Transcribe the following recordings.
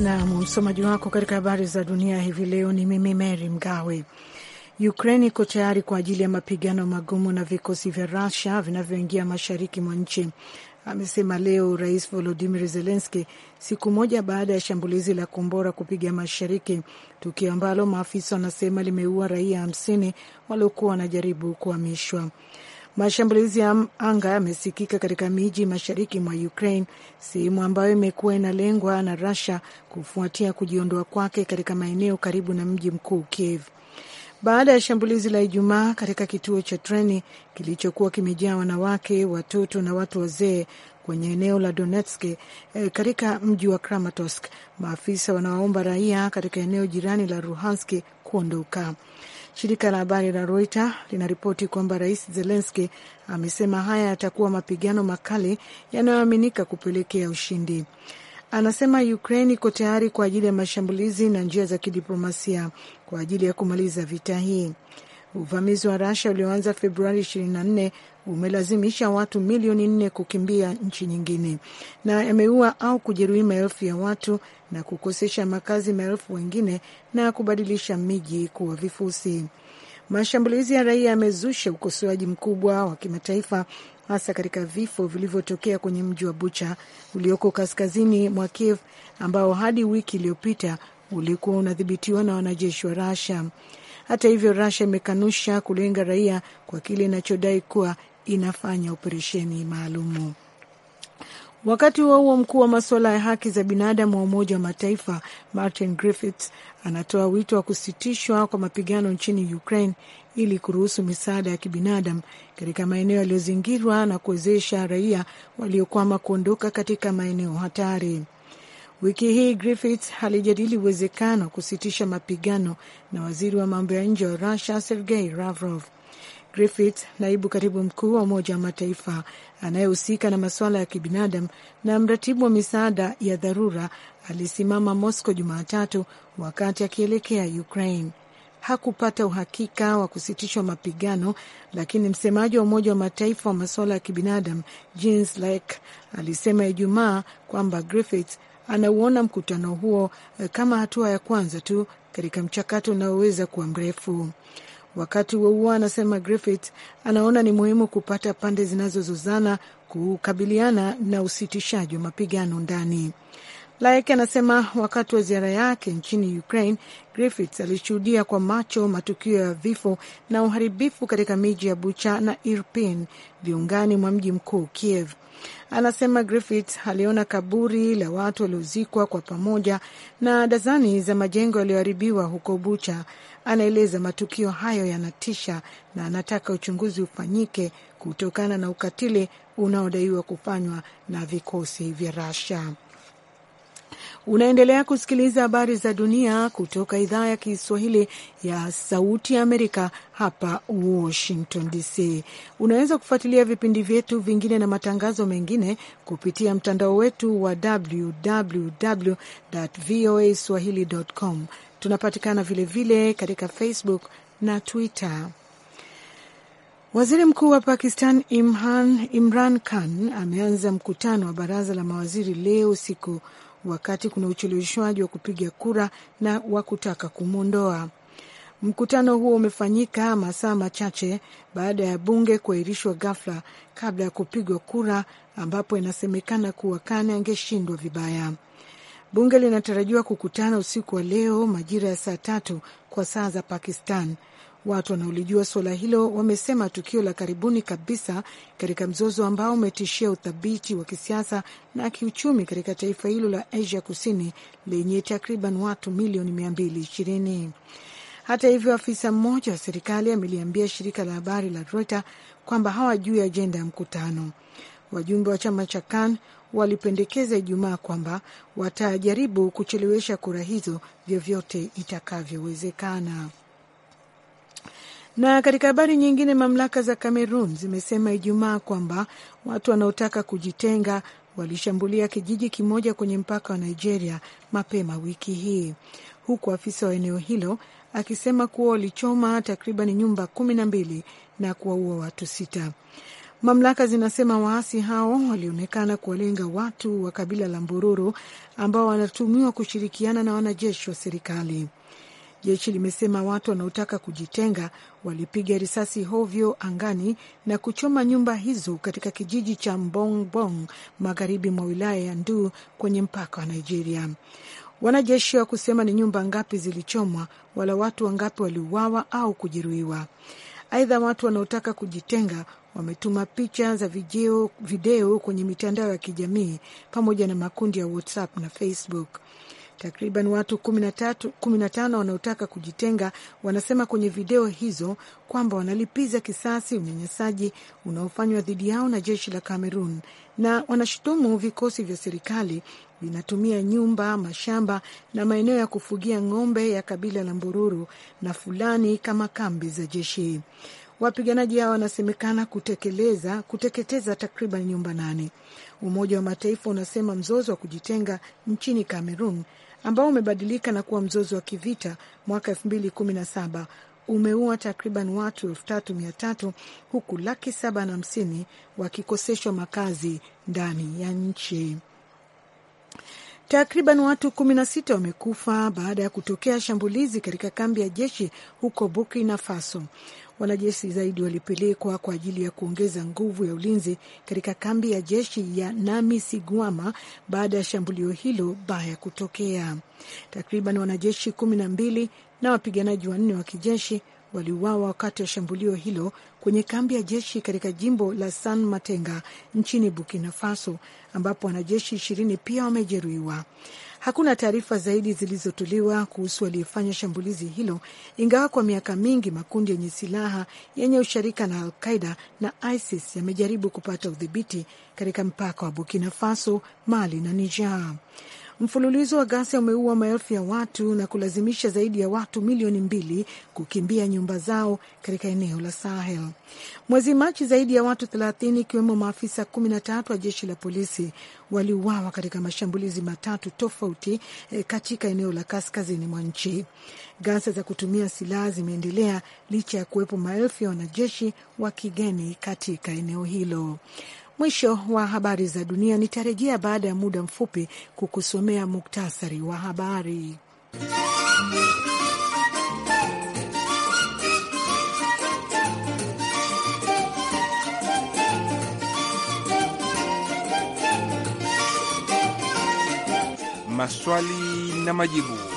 Nam msomaji wako katika habari za dunia hivi leo ni mimi Mary Mgawe. Ukraine iko tayari kwa ajili ya mapigano magumu na vikosi vya Rusia vinavyoingia mashariki mwa nchi, amesema leo Rais Volodimir Zelenski, siku moja baada ya shambulizi la kombora kupiga mashariki, tukio ambalo maafisa wanasema limeua raia hamsini waliokuwa wanajaribu kuhamishwa. Mashambulizi ya anga yamesikika katika miji mashariki mwa Ukraine, sehemu ambayo imekuwa inalengwa na Russia kufuatia kujiondoa kwake katika maeneo karibu na mji mkuu Kiev. Baada ya shambulizi la Ijumaa katika kituo cha treni kilichokuwa kimejaa wanawake, watoto na watu wazee kwenye eneo la Donetsk eh, katika mji wa Kramatorsk, maafisa wanawaomba raia katika eneo jirani la Luhansk kuondoka. Shirika la habari la Reuters linaripoti kwamba Rais zelenski amesema haya yatakuwa mapigano makali yanayoaminika kupelekea ushindi. Anasema Ukraine iko tayari kwa ajili ya mashambulizi na njia za kidiplomasia kwa ajili ya kumaliza vita hii. Uvamizi wa Russia ulioanza Februari 24 umelazimisha watu milioni nne kukimbia nchi nyingine na yameua au kujeruhi maelfu ya watu na kukosesha makazi maelfu wengine na kubadilisha miji kuwa vifusi. Mashambulizi ya raia yamezusha ukosoaji mkubwa wa kimataifa hasa katika vifo vilivyotokea kwenye mji wa Bucha ulioko kaskazini mwa Kiev ambao hadi wiki iliyopita ulikuwa unadhibitiwa na wanajeshi wa Russia. Hata hivyo, Russia imekanusha kulenga raia kwa kile inachodai kuwa inafanya operesheni maalumu. Wakati huo huo, mkuu wa masuala ya haki za binadamu wa Umoja wa Mataifa Martin Griffiths anatoa wito wa kusitishwa kwa mapigano nchini Ukraine ili kuruhusu misaada ya kibinadamu katika maeneo yaliyozingirwa na kuwezesha raia waliokwama kuondoka katika maeneo hatari. Wiki hii Griffiths alijadili uwezekano wa kusitisha mapigano na waziri wa mambo ya nje wa Russia Sergei Lavrov. Griffith, naibu katibu mkuu wa Umoja wa Mataifa anayehusika na masuala ya kibinadamu na mratibu wa misaada ya dharura, alisimama Moscow Jumatatu wakati akielekea Ukraine. Hakupata uhakika wa kusitishwa mapigano, lakini msemaji wa Umoja wa Mataifa wa masuala ya kibinadamu Jens Lake alisema Ijumaa kwamba Griffith anauona mkutano huo eh, kama hatua ya kwanza tu katika mchakato unaoweza kuwa mrefu. Wakati huo huo, anasema Griffith anaona ni muhimu kupata pande zinazozozana kukabiliana na usitishaji wa mapigano ndani Laek anasema wakati wa ziara yake nchini Ukraine, Griffiths alishuhudia kwa macho matukio ya vifo na uharibifu katika miji ya Bucha na Irpin viungani mwa mji mkuu Kiev. Anasema Griffiths aliona kaburi la watu waliozikwa kwa pamoja na dazani za majengo yaliyoharibiwa huko Bucha. Anaeleza matukio hayo yanatisha na anataka uchunguzi ufanyike kutokana na ukatili unaodaiwa kufanywa na vikosi vya Russia. Unaendelea kusikiliza habari za dunia kutoka idhaa ya Kiswahili ya Sauti ya Amerika hapa Washington DC. Unaweza kufuatilia vipindi vyetu vingine na matangazo mengine kupitia mtandao wetu wa www voa swahili.com. Tunapatikana vilevile katika Facebook na Twitter. Waziri Mkuu wa Pakistan Imran, Imran Khan ameanza mkutano wa baraza la mawaziri leo siku wakati kuna ucheleweshwaji wa kupiga kura na wa kutaka kumwondoa. Mkutano huo umefanyika masaa machache baada ya bunge kuahirishwa ghafla kabla ya kupigwa kura, ambapo inasemekana kuwa Kane angeshindwa vibaya. Bunge linatarajiwa kukutana usiku wa leo majira ya saa tatu kwa saa za Pakistan, Watu wanaolijua suala hilo wamesema tukio la karibuni kabisa katika mzozo ambao umetishia uthabiti wa kisiasa na kiuchumi katika taifa hilo la Asia Kusini lenye takriban watu milioni 220. Hata hivyo, afisa mmoja wa serikali ameliambia shirika la habari la Reuters kwamba hawajui ajenda ya mkutano. Wajumbe wa chama cha KAN walipendekeza Ijumaa kwamba watajaribu kuchelewesha kura hizo vyovyote itakavyowezekana. Na katika habari nyingine, mamlaka za Kamerun zimesema Ijumaa kwamba watu wanaotaka kujitenga walishambulia kijiji kimoja kwenye mpaka wa Nigeria mapema wiki hii, huku afisa wa eneo hilo akisema kuwa walichoma takriban nyumba kumi na mbili na kuwaua watu sita. Mamlaka zinasema waasi hao walionekana kuwalenga watu wa kabila la Mbururu ambao wanatumiwa kushirikiana na wanajeshi wa serikali. Jeshi limesema watu wanaotaka kujitenga walipiga risasi hovyo angani na kuchoma nyumba hizo katika kijiji cha Mbongbong magharibi mwa wilaya ya Nduu kwenye mpaka wa Nigeria. Wanajeshi wa kusema ni nyumba ngapi zilichomwa wala watu wangapi waliuawa au kujeruhiwa. Aidha, watu wanaotaka kujitenga wametuma picha za video, video kwenye mitandao ya kijamii pamoja na makundi ya WhatsApp na Facebook. Takriban watu 13, 15 wanaotaka kujitenga wanasema kwenye video hizo kwamba wanalipiza kisasi unyanyasaji unaofanywa dhidi yao na jeshi la Cameroon na wanashutumu vikosi vya serikali vinatumia nyumba, mashamba na maeneo ya kufugia ng'ombe ya kabila la Mbururu na Fulani kama kambi za jeshi. Wapiganaji hao wanasemekana kutekeleza kuteketeza takriban nyumba nane. Umoja wa Mataifa unasema mzozo wa kujitenga nchini cameron ambao umebadilika na kuwa mzozo wa kivita mwaka 2017 umeua takriban watu elfu tatu mia tatu huku laki saba na hamsini wakikoseshwa makazi ndani ya nchi. Takriban watu kumi na sita wamekufa baada ya kutokea shambulizi katika kambi ya jeshi huko Burkina Faso. Wanajeshi zaidi walipelekwa kwa ajili ya kuongeza nguvu ya ulinzi katika kambi ya jeshi ya Namisigwama baada ya shambulio hilo baya kutokea. Takriban wanajeshi kumi na mbili na wapiganaji wanne wa kijeshi waliuawa wakati wa shambulio hilo kwenye kambi ya jeshi katika jimbo la San Matenga nchini Burkina Faso, ambapo wanajeshi ishirini pia wamejeruhiwa. Hakuna taarifa zaidi zilizotolewa kuhusu aliyefanya shambulizi hilo, ingawa kwa miaka mingi makundi yenye silaha yenye ushirika na Alqaida na ISIS yamejaribu kupata udhibiti katika mpaka wa Burkina Faso, Mali na Niger. Mfululizo wa ghasia umeua maelfu ya watu na kulazimisha zaidi ya watu milioni mbili kukimbia nyumba zao katika eneo la Sahel. Mwezi Machi, zaidi ya watu thelathini ikiwemo maafisa tatu wa jeshi la polisi waliuawa katika mashambulizi matatu tofauti eh, katika eneo la kaskazini mwa nchi. Ghasia za kutumia silaha zimeendelea licha ya kuwepo maelfu ya wanajeshi wa kigeni katika eneo hilo. Mwisho wa habari za dunia. Nitarejea baada ya muda mfupi kukusomea muktasari wa habari. Maswali na majibu.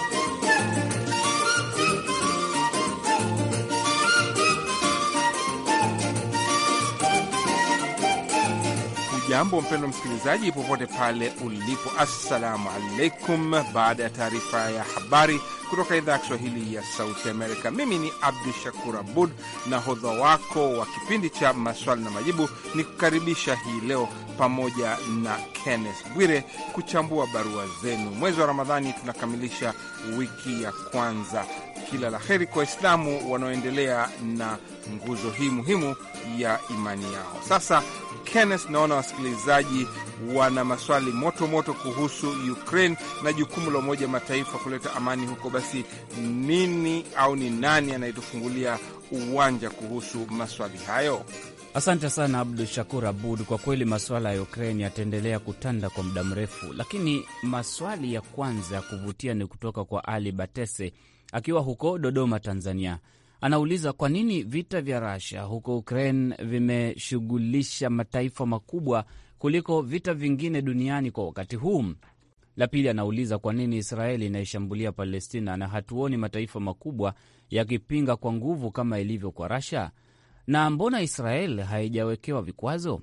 jambo mpendo msikilizaji, popote pale ulipo, assalamu alaikum. Baada ya taarifa ya habari kutoka idhaa ya Kiswahili ya Sauti Amerika, mimi ni Abdu Shakur Abud na hodha wako wa kipindi cha maswali na majibu ni kukaribisha hii leo pamoja na Kenneth Bwire kuchambua barua zenu. Mwezi wa Ramadhani tunakamilisha wiki ya kwanza. Kila la heri kwa Waislamu wanaoendelea na nguzo hii muhimu ya imani yao. Sasa Kenneth. Naona wasikilizaji wana maswali moto moto kuhusu Ukraine na jukumu la Umoja Mataifa kuleta amani huko. Basi nini au ni nani anayetufungulia uwanja kuhusu maswali hayo? Asante sana Abdu Shakur Abud. Kwa kweli masuala ya Ukraini yataendelea kutanda kwa muda mrefu, lakini maswali ya kwanza ya kuvutia ni kutoka kwa Ali Batese akiwa huko Dodoma, Tanzania. Anauliza kwa nini vita vya Russia huko Ukraine vimeshughulisha mataifa makubwa kuliko vita vingine duniani kwa wakati huu. La pili, anauliza kwa nini Israeli inaishambulia Palestina na hatuoni mataifa makubwa yakipinga kwa nguvu kama ilivyo kwa Russia, na mbona israel haijawekewa vikwazo?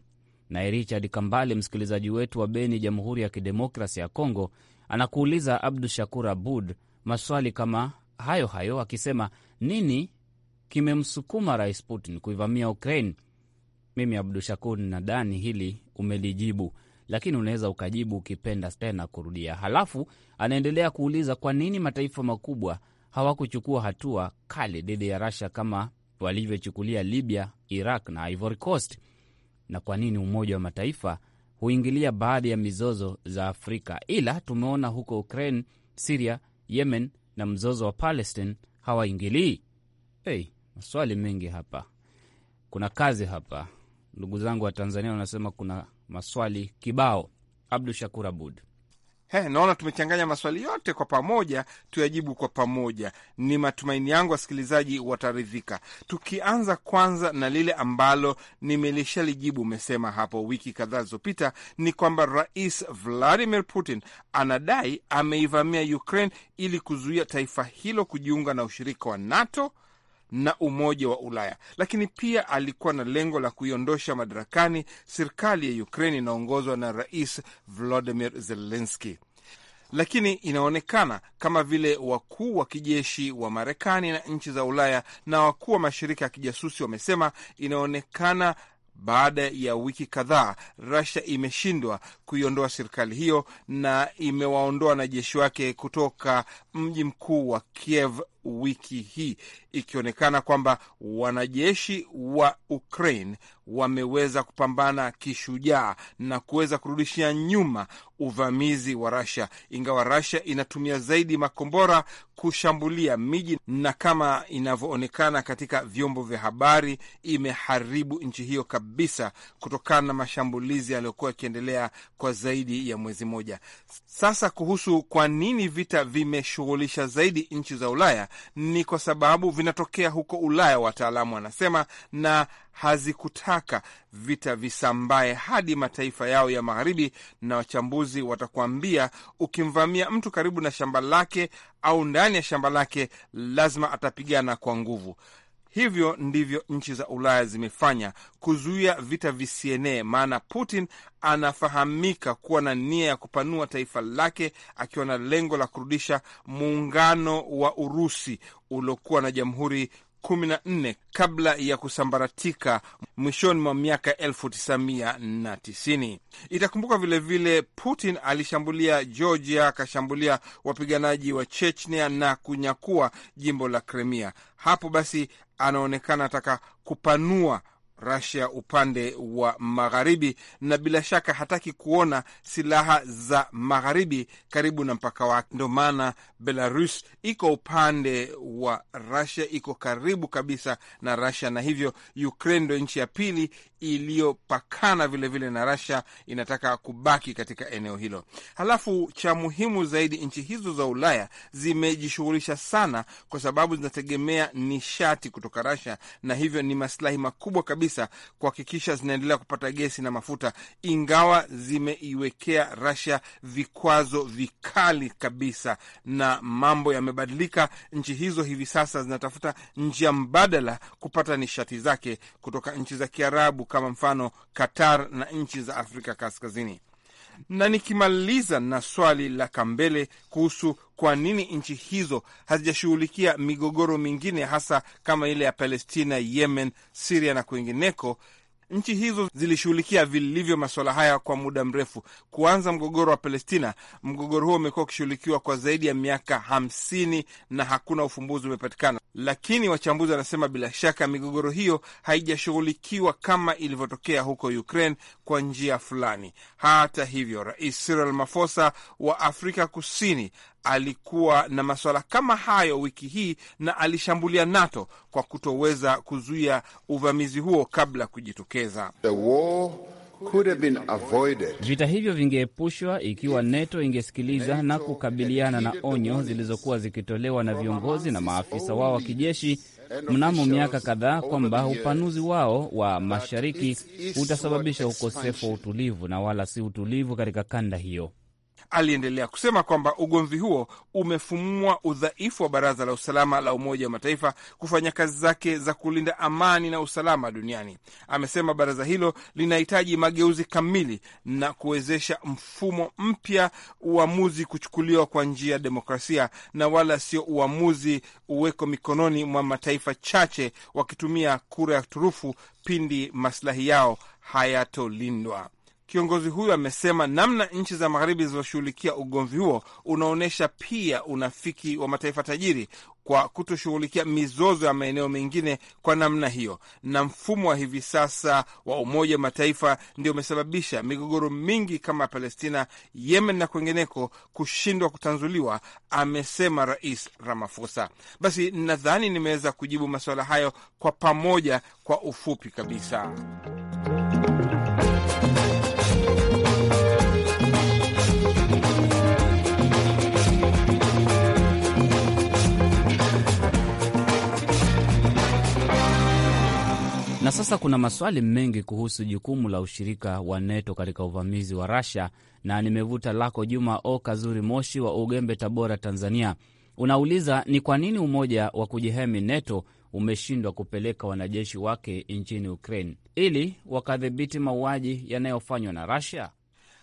Naye Richard Kambale, msikilizaji wetu wa Beni, Jamhuri ya Kidemokrasi ya Kongo, anakuuliza Abdu Shakur Abud maswali kama hayo hayo akisema, nini kimemsukuma Rais Putin kuivamia Ukraine? Mimi Abdu Shakur nadhani hili umelijibu, lakini unaweza ukajibu ukipenda tena kurudia. Halafu anaendelea kuuliza kwa nini mataifa makubwa hawakuchukua hatua kali dhidi ya Russia kama walivyochukulia Libya, Iraq na Ivory Coast, na kwa nini Umoja wa Mataifa huingilia baadhi ya mizozo za Afrika, ila tumeona huko Ukraine, Siria, Yemen na mzozo wa Palestine hawaingilii. Hey, maswali mengi hapa, kuna kazi hapa. Ndugu zangu wa Tanzania wanasema kuna maswali kibao. Abdu Shakur Abud. He, naona tumechanganya maswali yote kwa pamoja, tuyajibu kwa pamoja. Ni matumaini yangu wasikilizaji wataridhika. Tukianza kwanza na lile ambalo nimelishalijibu, umesema hapo wiki kadhaa zilizopita, ni kwamba Rais Vladimir Putin anadai ameivamia Ukraine ili kuzuia taifa hilo kujiunga na ushirika wa NATO na Umoja wa Ulaya, lakini pia alikuwa na lengo la kuiondosha madarakani serikali ya Ukraini inaongozwa na Rais Volodymyr Zelenski. Lakini inaonekana kama vile wakuu wa kijeshi wa Marekani na nchi za Ulaya na wakuu wa mashirika ya kijasusi wamesema, inaonekana baada ya wiki kadhaa Russia imeshindwa kuiondoa serikali hiyo na imewaondoa wanajeshi wake kutoka mji mkuu wa Kiev wiki hii, ikionekana kwamba wanajeshi wa Ukraine wameweza kupambana kishujaa na kuweza kurudishia nyuma uvamizi wa Russia, ingawa Russia inatumia zaidi makombora kushambulia miji, na kama inavyoonekana katika vyombo vya habari, imeharibu nchi hiyo kabisa kutokana na mashambulizi yaliyokuwa yakiendelea kwa zaidi ya mwezi mmoja sasa. Kuhusu kwa nini vita vimeshu kushughulisha zaidi nchi za Ulaya ni kwa sababu vinatokea huko Ulaya, wataalamu wanasema, na hazikutaka vita visambae hadi mataifa yao ya magharibi. Na wachambuzi watakuambia, ukimvamia mtu karibu na shamba lake au ndani ya shamba lake, lazima atapigana kwa nguvu. Hivyo ndivyo nchi za Ulaya zimefanya kuzuia vita visienee, maana Putin anafahamika kuwa na nia ya kupanua taifa lake akiwa na lengo la kurudisha muungano wa Urusi uliokuwa na jamhuri 14 kabla ya kusambaratika mwishoni mwa miaka 1990. Itakumbuka vilevile Putin alishambulia Georgia, akashambulia wapiganaji wa Chechnia na kunyakua jimbo la Crimea. Hapo basi anaonekana ataka kupanua Rasia upande wa magharibi, na bila shaka hataki kuona silaha za magharibi karibu na mpaka wake. Ndio maana Belarus iko upande wa Rasia, iko karibu kabisa na Rasia, na hivyo Ukraine ndo nchi ya pili iliyopakana vilevile na Rasia, inataka kubaki katika eneo hilo. Halafu cha muhimu zaidi, nchi hizo za Ulaya zimejishughulisha sana, kwa sababu zinategemea nishati kutoka Rasia, na hivyo ni masilahi makubwa kabisa kabisa kuhakikisha zinaendelea kupata gesi na mafuta, ingawa zimeiwekea Russia vikwazo vikali kabisa, na mambo yamebadilika. Nchi hizo hivi sasa zinatafuta njia mbadala kupata nishati zake kutoka nchi za Kiarabu kama mfano Qatar na nchi za Afrika Kaskazini. Na nikimaliza na swali la Kambele kuhusu kwa nini nchi hizo hazijashughulikia migogoro mingine hasa kama ile ya Palestina, Yemen, Siria na kwingineko, Nchi hizo zilishughulikia vilivyo masuala haya kwa muda mrefu. Kuanza mgogoro wa Palestina, mgogoro huo umekuwa ukishughulikiwa kwa zaidi ya miaka hamsini na hakuna ufumbuzi umepatikana, lakini wachambuzi wanasema bila shaka migogoro hiyo haijashughulikiwa kama ilivyotokea huko Ukraine kwa njia fulani. Hata hivyo, Rais Cyril Ramaphosa wa Afrika Kusini alikuwa na maswala kama hayo wiki hii na alishambulia NATO kwa kutoweza kuzuia uvamizi huo kabla ya kujitokeza. Vita hivyo vingeepushwa ikiwa NATO ingesikiliza na kukabiliana na onyo zilizokuwa zikitolewa na viongozi na maafisa wao wa kijeshi mnamo miaka kadhaa kwamba upanuzi wao wa mashariki utasababisha ukosefu wa utulivu na wala si utulivu katika kanda hiyo. Aliendelea kusema kwamba ugomvi huo umefumua udhaifu wa Baraza la Usalama la Umoja wa Mataifa kufanya kazi zake za kulinda amani na usalama duniani. Amesema baraza hilo linahitaji mageuzi kamili na kuwezesha mfumo mpya, uamuzi kuchukuliwa kwa njia ya demokrasia na wala sio uamuzi uweko mikononi mwa mataifa chache wakitumia kura ya turufu pindi maslahi yao hayatolindwa. Kiongozi huyo amesema namna nchi za magharibi zilizoshughulikia ugomvi huo unaonyesha pia unafiki wa mataifa tajiri kwa kutoshughulikia mizozo ya maeneo mengine kwa namna hiyo, na mfumo wa hivi sasa wa Umoja wa Mataifa ndio umesababisha migogoro mingi kama Palestina, Yemen na kwengineko kushindwa kutanzuliwa, amesema Rais Ramaphosa. Basi nadhani nimeweza kujibu masuala hayo kwa pamoja kwa ufupi kabisa. Na sasa kuna maswali mengi kuhusu jukumu la ushirika wa NATO katika uvamizi wa Russia, na nimevuta lako Juma O Kazuri Moshi wa Ugembe, Tabora, Tanzania. Unauliza ni kwa nini umoja wa kujihami NATO umeshindwa kupeleka wanajeshi wake nchini Ukraine ili wakadhibiti mauaji yanayofanywa na Russia.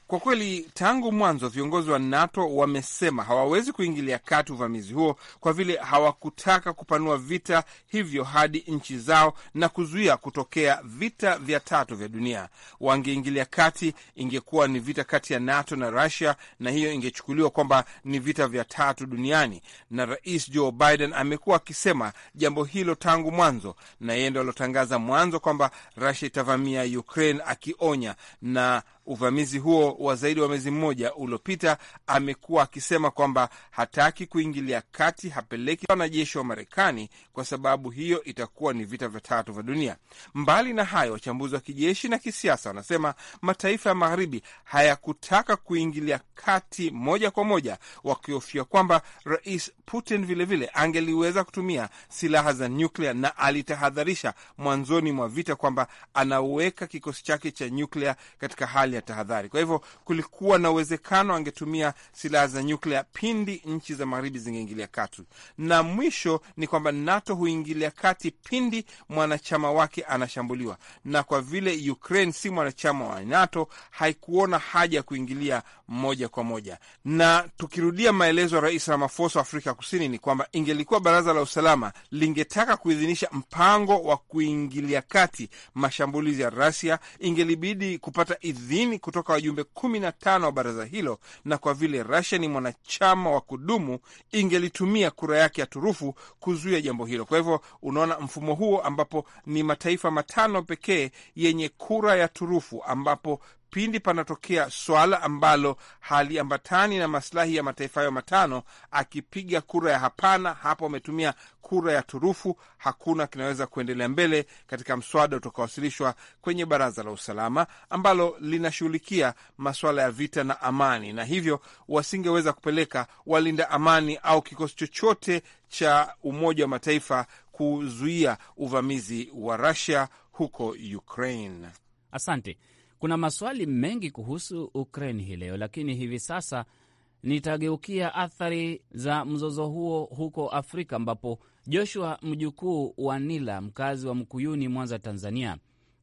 Kwa kweli tangu mwanzo viongozi wa NATO wamesema hawawezi kuingilia kati uvamizi huo kwa vile hawakutaka kupanua vita hivyo hadi nchi zao na kuzuia kutokea vita vya tatu vya dunia. Wangeingilia kati, ingekuwa ni vita kati ya NATO na Russia, na hiyo ingechukuliwa kwamba ni vita vya tatu duniani. Na Rais Joe Biden amekuwa akisema jambo hilo tangu mwanzo, na yeye ndo alotangaza mwanzo kwamba Russia itavamia Ukraine, akionya na uvamizi huo wa zaidi wa mwezi mmoja uliopita, amekuwa akisema kwamba hataki kuingilia kati, hapeleki wanajeshi wa Marekani kwa sababu hiyo itakuwa ni vita vya tatu vya dunia. Mbali na hayo, wachambuzi wa kijeshi na kisiasa wanasema mataifa ya Magharibi hayakutaka kuingilia kati moja kwa moja, wakihofia kwamba Rais Putin vilevile angeliweza kutumia silaha za nyuklia, na alitahadharisha mwanzoni mwa vita kwamba anaweka kikosi chake cha nyuklia katika hali hali ya tahadhari. Kwa hivyo kulikuwa na uwezekano angetumia silaha za nyuklia pindi nchi za magharibi zingeingilia kati. Na mwisho ni kwamba NATO huingilia kati pindi mwanachama wake anashambuliwa, na kwa vile Ukraine si mwanachama wa NATO haikuona haja ya kuingilia moja kwa moja. Na tukirudia maelezo ya Rais Ramaphosa wa Afrika Kusini ni kwamba ingelikuwa baraza la usalama lingetaka kuidhinisha mpango wa kuingilia kati mashambulizi ya Russia, ingelibidi kupata idhini 80 kutoka wajumbe 15 wa baraza hilo, na kwa vile rasia ni mwanachama wa kudumu, ingelitumia kura yake ya turufu kuzuia jambo hilo. Kwa hivyo unaona mfumo huo ambapo ni mataifa matano pekee yenye kura ya turufu ambapo pindi panatokea swala ambalo haliambatani na masilahi ya mataifa hayo matano, akipiga kura ya hapana, hapo ametumia kura ya turufu. Hakuna kinaweza kuendelea mbele katika mswada utakaowasilishwa kwenye Baraza la Usalama ambalo linashughulikia masuala ya vita na amani, na hivyo wasingeweza kupeleka walinda amani au kikosi chochote cha Umoja wa Mataifa kuzuia uvamizi wa rasia huko Ukraine. Asante. Kuna maswali mengi kuhusu Ukraine hii leo, lakini hivi sasa nitageukia athari za mzozo huo huko Afrika, ambapo Joshua mjukuu wa Nila, mkazi wa Mkuyuni, Mwanza, Tanzania,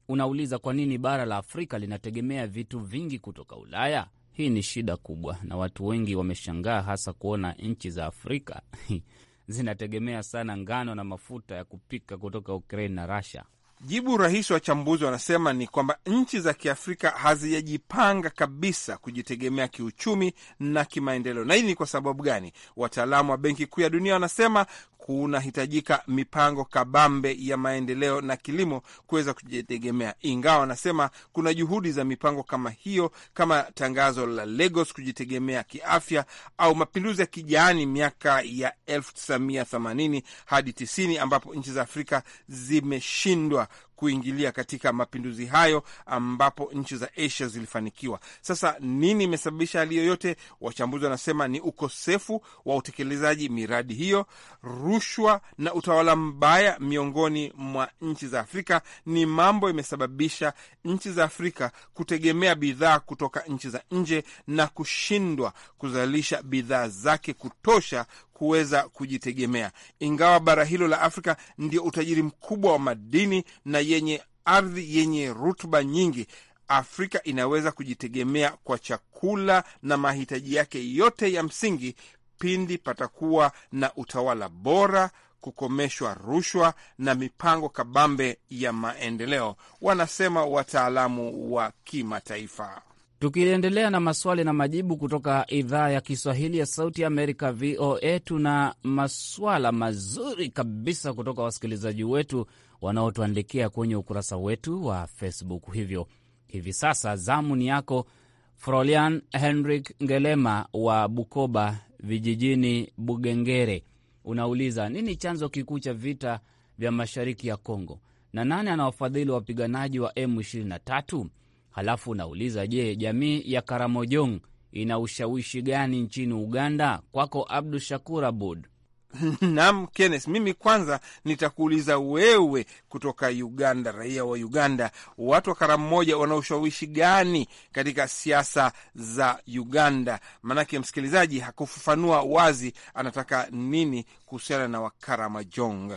unauliza kwa nini bara la Afrika linategemea vitu vingi kutoka Ulaya. Hii ni shida kubwa, na watu wengi wameshangaa, hasa kuona nchi za Afrika zinategemea sana ngano na mafuta ya kupika kutoka Ukraine na Russia. Jibu rahisi wachambuzi wanasema ni kwamba nchi za Kiafrika hazijajipanga kabisa kujitegemea kiuchumi na kimaendeleo. Na hii ni kwa sababu gani? Wataalamu wa Benki Kuu ya Dunia wanasema kunahitajika mipango kabambe ya maendeleo na kilimo kuweza kujitegemea, ingawa wanasema kuna juhudi za mipango kama hiyo, kama tangazo la Lagos kujitegemea kiafya au mapinduzi ya kijani miaka ya 1980 hadi 90, ambapo nchi za Afrika zimeshindwa kuingilia katika mapinduzi hayo, ambapo nchi za Asia zilifanikiwa. Sasa nini imesababisha hali yoyote? Wachambuzi wanasema ni ukosefu wa utekelezaji miradi hiyo, rushwa na utawala mbaya miongoni mwa nchi za Afrika ni mambo imesababisha nchi za Afrika kutegemea bidhaa kutoka nchi za nje na kushindwa kuzalisha bidhaa zake kutosha kuweza kujitegemea, ingawa bara hilo la Afrika ndio utajiri mkubwa wa madini na yenye ardhi yenye rutuba nyingi. Afrika inaweza kujitegemea kwa chakula na mahitaji yake yote ya msingi pindi patakuwa na utawala bora, kukomeshwa rushwa na mipango kabambe ya maendeleo, wanasema wataalamu wa kimataifa. Tukiendelea na maswali na majibu kutoka idhaa ya Kiswahili ya Sauti ya Amerika, VOA, tuna maswala mazuri kabisa kutoka wasikilizaji wetu wanaotuandikia kwenye ukurasa wetu wa Facebook. Hivyo hivi sasa zamu ni yako Frolian Henrik Ngelema wa Bukoba vijijini Bugengere. Unauliza, nini chanzo kikuu cha vita vya mashariki ya Kongo na nani anawafadhili wapiganaji wa M23? Halafu unauliza je, jamii ya Karamojong ina ushawishi gani nchini Uganda? Kwako Abdu Shakur Abud. Naam, Kenneth, mimi kwanza nitakuuliza wewe, kutoka Uganda, raia wa Uganda, watu wa Moja wana ushawishi gani katika siasa za Uganda? Maanake msikilizaji hakufafanua wazi anataka nini kuhusiana na Wakaramajong.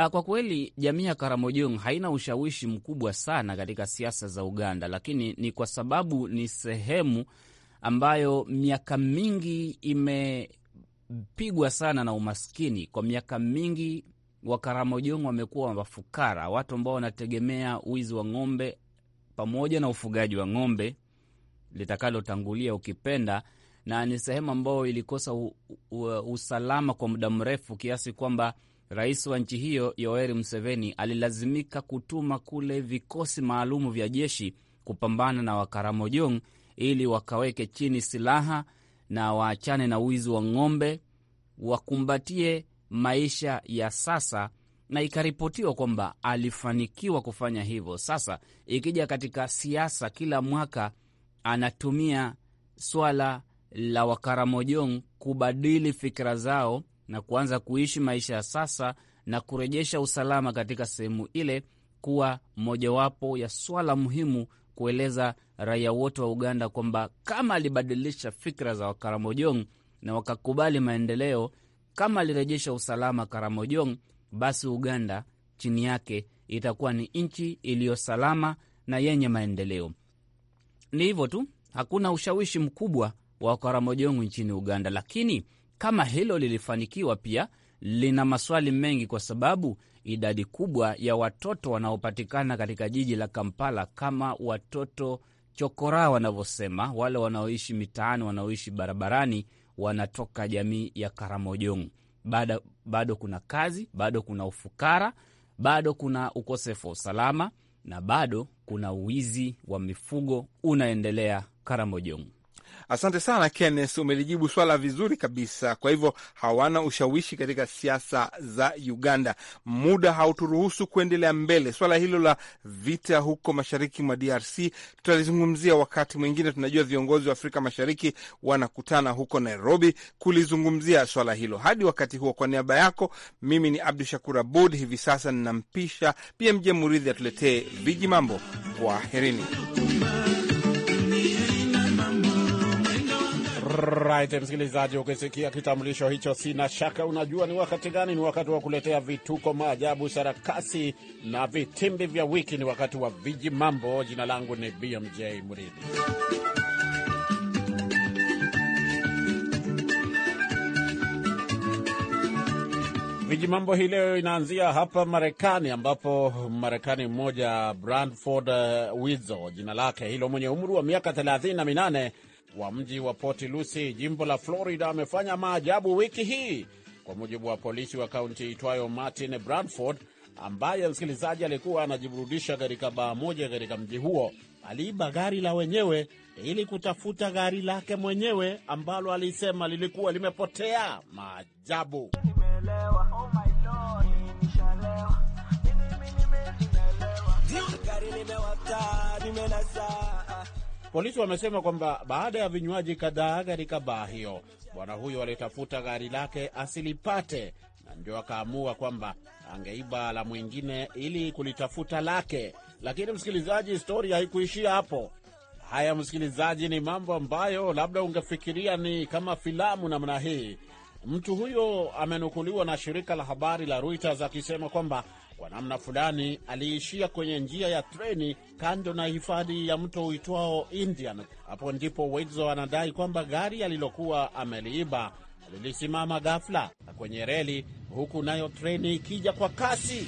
Ah, kwa kweli jamii ya Karamojong haina ushawishi mkubwa sana katika siasa za Uganda, lakini ni kwa sababu ni sehemu ambayo miaka mingi imepigwa sana na umaskini. Kwa miaka mingi Wakaramojong wamekuwa wafukara, watu ambao wanategemea wizi wa ng'ombe pamoja na ufugaji wa ng'ombe litakalotangulia ukipenda, na ni sehemu ambayo ilikosa u, u, usalama kwa muda mrefu kiasi kwamba Rais wa nchi hiyo Yoweri Museveni alilazimika kutuma kule vikosi maalumu vya jeshi kupambana na Wakaramojong ili wakaweke chini silaha na waachane na wizi wa ng'ombe, wakumbatie maisha ya sasa, na ikaripotiwa kwamba alifanikiwa kufanya hivyo. Sasa ikija katika siasa, kila mwaka anatumia swala la Wakaramojong kubadili fikira zao na kuanza kuishi maisha ya sasa na kurejesha usalama katika sehemu ile kuwa mojawapo ya swala muhimu, kueleza raia wote wa Uganda kwamba kama alibadilisha fikra za Wakaramojong na wakakubali maendeleo, kama alirejesha usalama Karamojong, basi Uganda chini yake itakuwa ni nchi iliyo salama na yenye maendeleo. Ni hivyo tu, hakuna ushawishi mkubwa wa Wakaramojong nchini Uganda, lakini kama hilo lilifanikiwa, pia lina maswali mengi, kwa sababu idadi kubwa ya watoto wanaopatikana katika jiji la Kampala kama watoto chokora wanavyosema, wale wanaoishi mitaani, wanaoishi barabarani, wanatoka jamii ya Karamojong. Bado, bado kuna kazi, bado kuna ufukara, bado kuna ukosefu wa usalama na bado kuna uwizi wa mifugo unaendelea Karamojong. Asante sana Kennes, umelijibu swala vizuri kabisa. Kwa hivyo hawana ushawishi katika siasa za Uganda. Muda hauturuhusu kuendelea mbele. Swala hilo la vita huko mashariki mwa DRC tutalizungumzia wakati mwingine. Tunajua viongozi wa Afrika Mashariki wanakutana huko Nairobi kulizungumzia swala hilo. Hadi wakati huo, kwa niaba yako mimi ni Abdu Shakur Abud. Hivi sasa ninampisha BMJ Muridhi atuletee viji mambo. kwa herini Right, msikilizaji, ukisikia kitambulisho hicho, sina shaka unajua ni wakati gani. Ni wakati wa kuletea vituko, maajabu, sarakasi na vitimbi vya wiki. Ni wakati wa viji mambo. Jina langu ni BMJ Mridhi. Viji mambo hii leo inaanzia hapa Marekani, ambapo Marekani mmoja Branford uh, Widzo jina lake hilo, mwenye umri wa miaka thelathini na minane wa mji wa Port Lucie, jimbo la Florida, amefanya maajabu wiki hii, kwa mujibu wa polisi wa kaunti itwayo Martin branford ambaye msikilizaji alikuwa anajiburudisha katika baa moja katika mji huo. Aliiba gari la wenyewe ili kutafuta gari lake mwenyewe ambalo alisema lilikuwa limepotea. Maajabu! Polisi wamesema kwamba baada ya vinywaji kadhaa katika baa hiyo, bwana huyo alitafuta gari lake asilipate, na ndio akaamua kwamba angeiba la mwingine ili kulitafuta lake. Lakini msikilizaji, historia haikuishia hapo. Haya msikilizaji, ni mambo ambayo labda ungefikiria ni kama filamu namna hii. Mtu huyo amenukuliwa na shirika la habari la Reuters akisema kwamba kwa namna fulani aliishia kwenye njia ya treni kando na hifadhi ya mto uitwao Indian. Hapo ndipo wizo anadai kwamba gari alilokuwa ameliiba lilisimama ghafla kwenye reli, huku nayo treni ikija kwa kasi.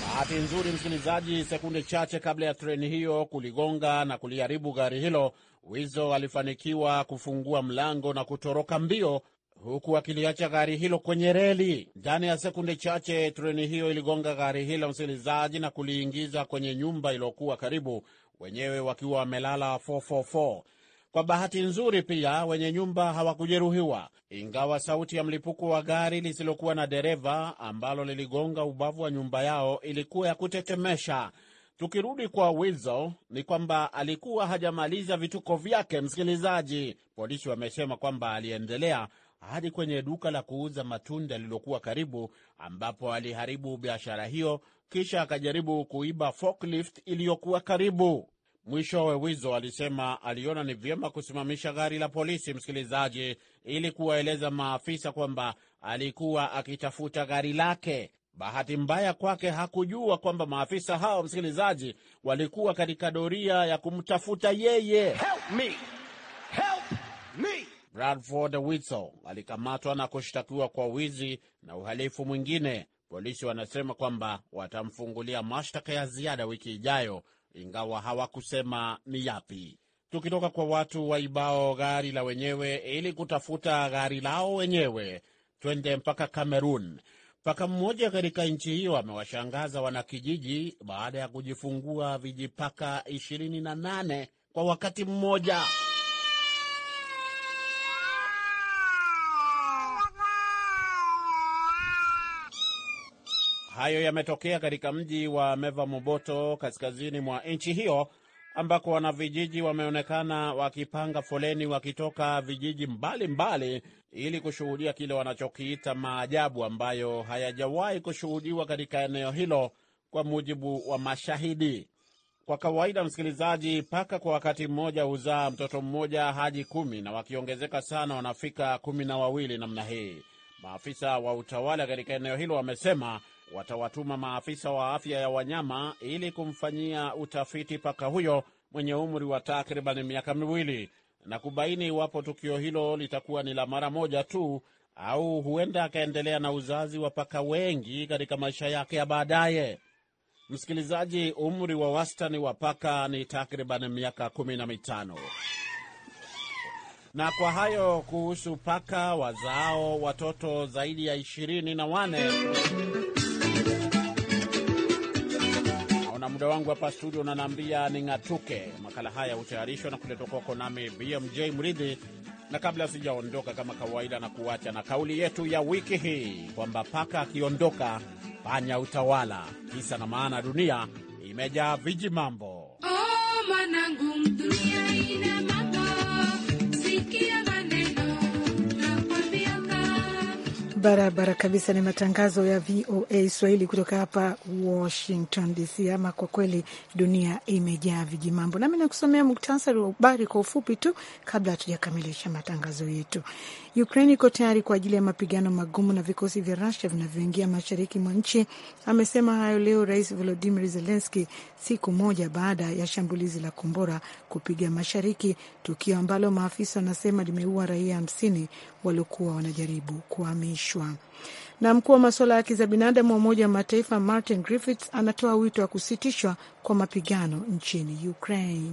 Bahati nzuri, msikilizaji, sekunde chache kabla ya treni hiyo kuligonga na kuliharibu gari hilo, Wizo alifanikiwa kufungua mlango na kutoroka mbio huku akiliacha gari hilo kwenye reli. Ndani ya sekunde chache treni hiyo iligonga gari hilo, msikilizaji, na kuliingiza kwenye nyumba iliyokuwa karibu, wenyewe wakiwa wamelala 444. Kwa bahati nzuri pia wenye nyumba hawakujeruhiwa, ingawa sauti ya mlipuko wa gari lisilokuwa na dereva ambalo liligonga ubavu wa nyumba yao ilikuwa ya kutetemesha. Tukirudi kwa Wizo ni kwamba alikuwa hajamaliza vituko vyake, msikilizaji. Polisi wamesema kwamba aliendelea hadi kwenye duka la kuuza matunda lililokuwa karibu, ambapo aliharibu biashara hiyo, kisha akajaribu kuiba forklift iliyokuwa karibu. Mwishowe Wizo alisema aliona ni vyema kusimamisha gari la polisi, msikilizaji, ili kuwaeleza maafisa kwamba alikuwa akitafuta gari lake. Bahati mbaya kwake hakujua kwamba maafisa hao, msikilizaji, walikuwa katika doria ya kumtafuta yeye. Help me. Bradford Witso alikamatwa na kushtakiwa kwa wizi na uhalifu mwingine. Polisi wanasema kwamba watamfungulia mashtaka ya ziada wiki ijayo, ingawa hawakusema ni yapi. Tukitoka kwa watu waibao gari la wenyewe ili kutafuta gari lao wenyewe, twende mpaka Kamerun. Paka mmoja katika nchi hiyo amewashangaza wanakijiji baada ya kujifungua vijipaka 28 kwa wakati mmoja. Hayo yametokea katika mji wa Meva Moboto kaskazini mwa nchi hiyo ambako wanavijiji wameonekana wakipanga foleni wakitoka vijiji mbalimbali mbali, ili kushuhudia kile wanachokiita maajabu ambayo hayajawahi kushuhudiwa katika eneo hilo kwa mujibu wa mashahidi. Kwa kawaida, msikilizaji, paka kwa wakati mmoja huzaa mtoto mmoja hadi kumi na wakiongezeka sana wanafika kumi na wawili namna hii. Maafisa wa utawala katika eneo hilo wamesema watawatuma maafisa wa afya ya wanyama ili kumfanyia utafiti paka huyo mwenye umri wa takriban miaka miwili na kubaini iwapo tukio hilo litakuwa ni la mara moja tu au huenda akaendelea na uzazi wa paka wengi katika maisha yake ya baadaye. Msikilizaji, umri wa wastani wa paka ni takriban miaka kumi na mitano. Na kwa hayo kuhusu paka wazao watoto zaidi ya ishirini na wane na muda wangu hapa studio ni ning'atuke. Makala haya hutayarishwa na kuletwa kwako nami BMJ Mridhi, na kabla sijaondoka, kama kawaida, na kuacha na kauli yetu ya wiki hii kwamba paka akiondoka panya utawala. Kisa na maana, dunia imejaa viji mambo. Oh, barabara kabisa. Ni matangazo ya VOA Swahili kutoka hapa Washington DC. Ama kwa kweli dunia imejaa vijimambo, nami nakusomea muktasari wa habari kwa ufupi tu kabla hatujakamilisha matangazo yetu. Ukraine iko tayari kwa ajili ya mapigano magumu na vikosi vya Rusia vinavyoingia mashariki mwa nchi. Amesema hayo leo Rais Volodimir Zelenski, siku moja baada ya shambulizi la kombora kupiga mashariki, tukio ambalo maafisa wanasema limeua raia hamsini waliokuwa wanajaribu kuhamishwa. Na mkuu wa masuala ya haki za binadamu wa Umoja wa Mataifa Martin Griffiths anatoa wito wa kusitishwa kwa mapigano nchini Ukraine.